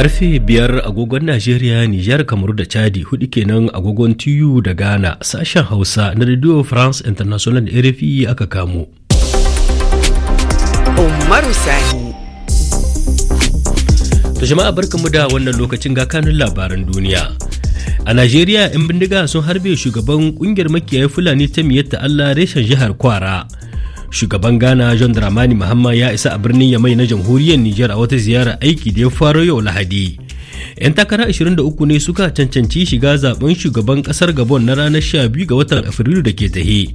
Karfe biyar agogon Najeriya, Nijar, Kamaru da Chadi hudu kenan agogon Tuyu da Ghana sashen Hausa na Radio France International RFI aka kamo. ta jama'a To jama'a da wannan lokacin ga kanun labaran duniya. A Najeriya 'yan bindiga sun harbe shugaban kungiyar makiyayi Fulani ta miyatta Allah reshen jihar Kwara. shugaban ghana john dramani mahamma ya isa a birnin yamai na jamhuriyar niger a wata ziyara aiki da ya faro yau lahadi 'yan takara 23 ne suka cancanci shiga zaben shugaban kasar gabon na ranar 12 ga watan afrilu da ke tahi.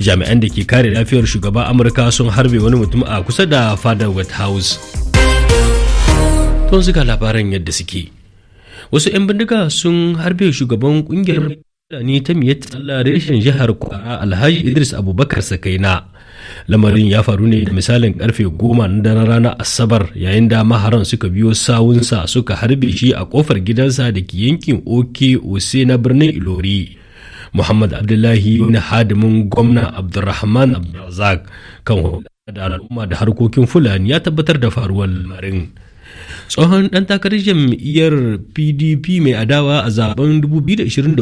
jami'an da ke kare lafiyar shugaban amurka sun harbe wani mutum a kusa da fadar white house tun suka labaran yadda suke wasu 'yan bindiga sun harbe shugaban kungiyar ni ta miyar Allah reshen jihar Kwara Alhaji Idris Abubakar Sakaina. Lamarin ya faru ne da misalin karfe goma na daren ranar Asabar yayin da maharan suka biyo sawunsa suka harbe shi a kofar gidansa da ke yankin Oke Ose na birnin Ilori. Muhammad Abdullahi na hadimin gwamna Abdulrahman Abdulrazak kan da al'umma da harkokin Fulani ya tabbatar da faruwar lamarin. tsohon ɗan takarar jam'iyyar pdp mai adawa a zaben 2023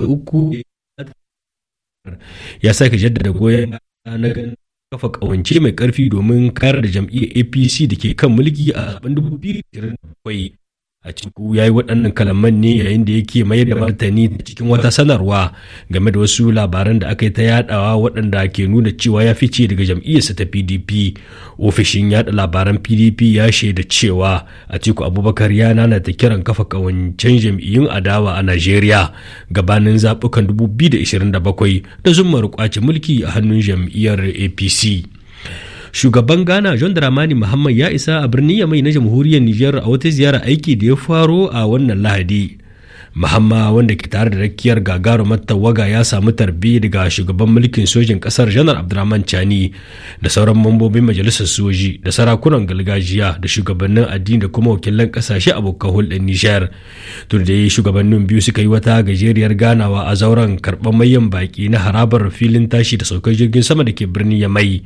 ya sake jaddada goyon na ganin kafa kawance mai karfi domin kayar da jam'iyyar apc da ke kan mulki a zaben 2023. a cikin ya yi waɗannan kalaman ne yayin da yake mayar da martani cikin wata sanarwa game da wasu labaran da aka yi ta yadawa waɗanda ke nuna cewa ya fice daga jam'iyyarsa ta pdp ofishin yada labaran pdp ya shaida cewa a ciku abubakar ya nana ta kiran kafa kawancen jam'iyyun adawa a najeriya gabanin zaɓukan 2027 da zumar kwace mulki a hannun jam'iyyar apc shugaban ghana john dramani muhammad ya isa a birnin yamai na jamhuriyar niger a wata ziyara aiki da ya faro a wannan lahadi mahamma wanda ke tare da rakiyar gagarumar tawaga ya samu tarbi daga shugaban mulkin sojin kasar janar abdurrahman chani da sauran mambobin majalisar soji da sarakunan gargajiya da shugabannin addini da kuma wakilan kasashe abokan hulɗar nishar tun da shugabannin biyu suka yi wata gajeriyar ganawa a zauren karɓar mayan baki na harabar filin tashi da saukar jirgin sama da ke birnin yamai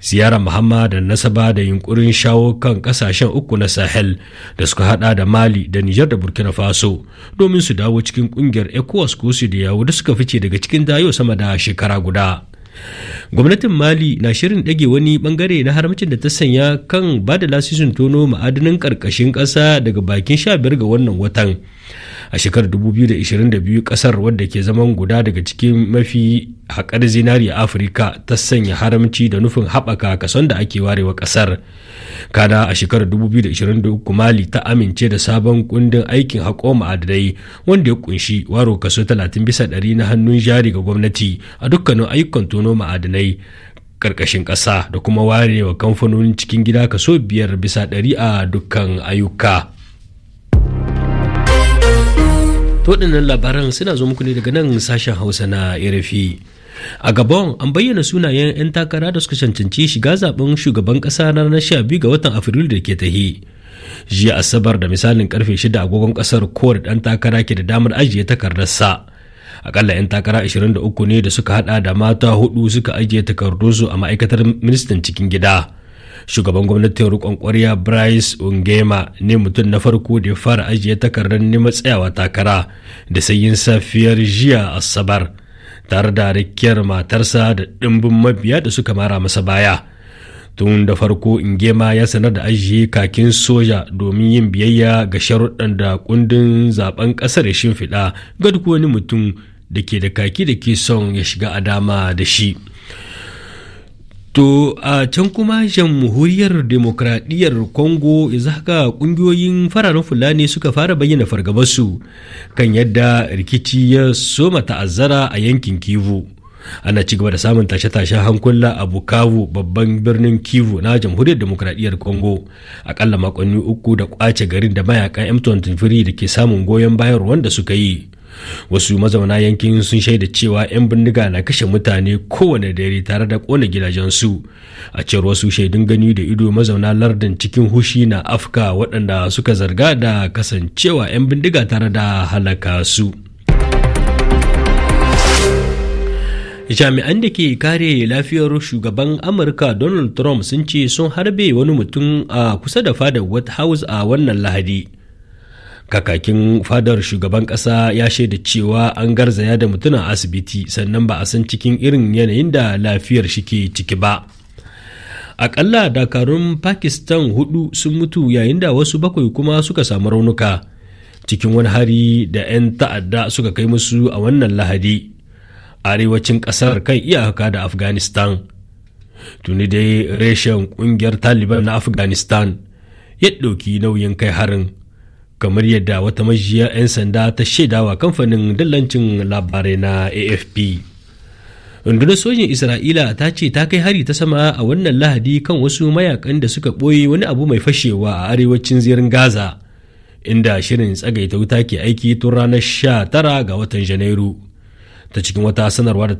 ziyarar mahamma da nasaba da yunkurin shawo kan kasashen uku na sahel da suka hada da mali da nijar da burkina faso domin su dawo cikin kungiyar ecowas ko su da yawo da suka fice daga cikin dayo sama da shekara guda gwamnatin mali na shirin dage wani bangare na haramcin da ta sanya kan ba da lasisin tono ma'adinan karkashin kasa daga bakin sha biyar ga wannan watan a shekarar 2022 kasar wadda ke zaman guda daga cikin mafi haƙar zinari a afirka ta sanya haramci da nufin haɓaka kason da ake warewa kasar Kada a shekarar 2023 mali ta amince da sabon kundin aikin haƙo ma'adinai wanda ya kunshi waro kaso talatin bisa ɗari na hannun jari ga gwamnati a dukkanin ayyukan tono ma'adinai ƙarƙashin ƙasa da kuma warewa kamfanonin cikin gida kaso biyar bisa ɗari a dukkan ayyuka. to waɗannan labaran suna zo muku ne daga nan sashen hausa na irafi a gabon an bayyana sunayen 'yan takara da suka cancanci shiga zaben shugaban ƙasa na ranar biyu ga watan afrilu da ke tahi jiya asabar da misalin karfe 6 agogon ƙasar kowane ɗan takara ke da damar ajiye takardarsa akalla 'yan takara 23 ne da suka hada da mata hudu suka ajiye takardunsu a ma'aikatar ministan cikin gida shugaban gwamnatin rikon kwarya bryce ungema ne mutum na farko da ya fara ajiye takardar neman tsayawa takara da sayin safiyar jiya asabar tare da rikiyar matarsa da ɗimbin mabiya da suka mara masa baya tun da farko ingema ya sanar da ajiye kakin soja domin yin biyayya ga sharuɗan da kundin zaben ƙasar ya shimfiɗa ga duk wani mutum da ke da kaki da ke son ya shiga a dama da shi To a can kuma jamhuriyar demokradiyyar Congo yanzu haka ƙungiyoyin fararen Fulani suka fara bayyana fargabarsu kan yadda rikici ya soma ta'azzara a yankin Kivu. Ana ci gaba da samun tashe-tashen hankula a Bukavu babban birnin Kivu na jamhuriyar demokradiyyar Congo. Akalla makonni uku da kwace garin da mayakan M23 da ke samun goyon bayar wanda suka yi. wasu mazauna yankin sun shaida cewa 'yan bindiga na kashe mutane kowane dare tare da kona gidajensu a cewar wasu shaidun gani da ido mazauna lardin cikin hushi na afka waɗanda suka zarga da kasancewa 'yan bindiga tare da halaka su jami'an da ke kare lafiyar shugaban amurka donald trump sun ce sun harbe wani mutum a kusa da fadar white house a wannan lahadi kakakin fadar shugaban kasa ya shaida cewa an garzaya da mutum a asibiti sannan ba a san cikin irin yanayin da lafiyar shi ke ciki ba akalla dakarun pakistan hudu sun mutu yayin da wasu bakwai kuma suka samu raunuka cikin wani hari da 'yan ta'adda suka kai musu a wannan lahadi arewacin kasar kan iyaka da afghanistan tuni dai reshen ƙungiyar taliban na afghanistan ya ɗauki nauyin kai harin kamar yadda wata majiya 'yan sanda ta shaidawa kamfanin dallancin labarai na afp rundunar sojin isra'ila ta ce ta kai hari ta sama a wannan lahadi kan wasu mayakan da suka ɓoye wani abu mai fashewa a arewacin zirin gaza inda shirin tsagaita wuta ke aiki tun ranar 19 ga watan janairu ta cikin wata sanarwa da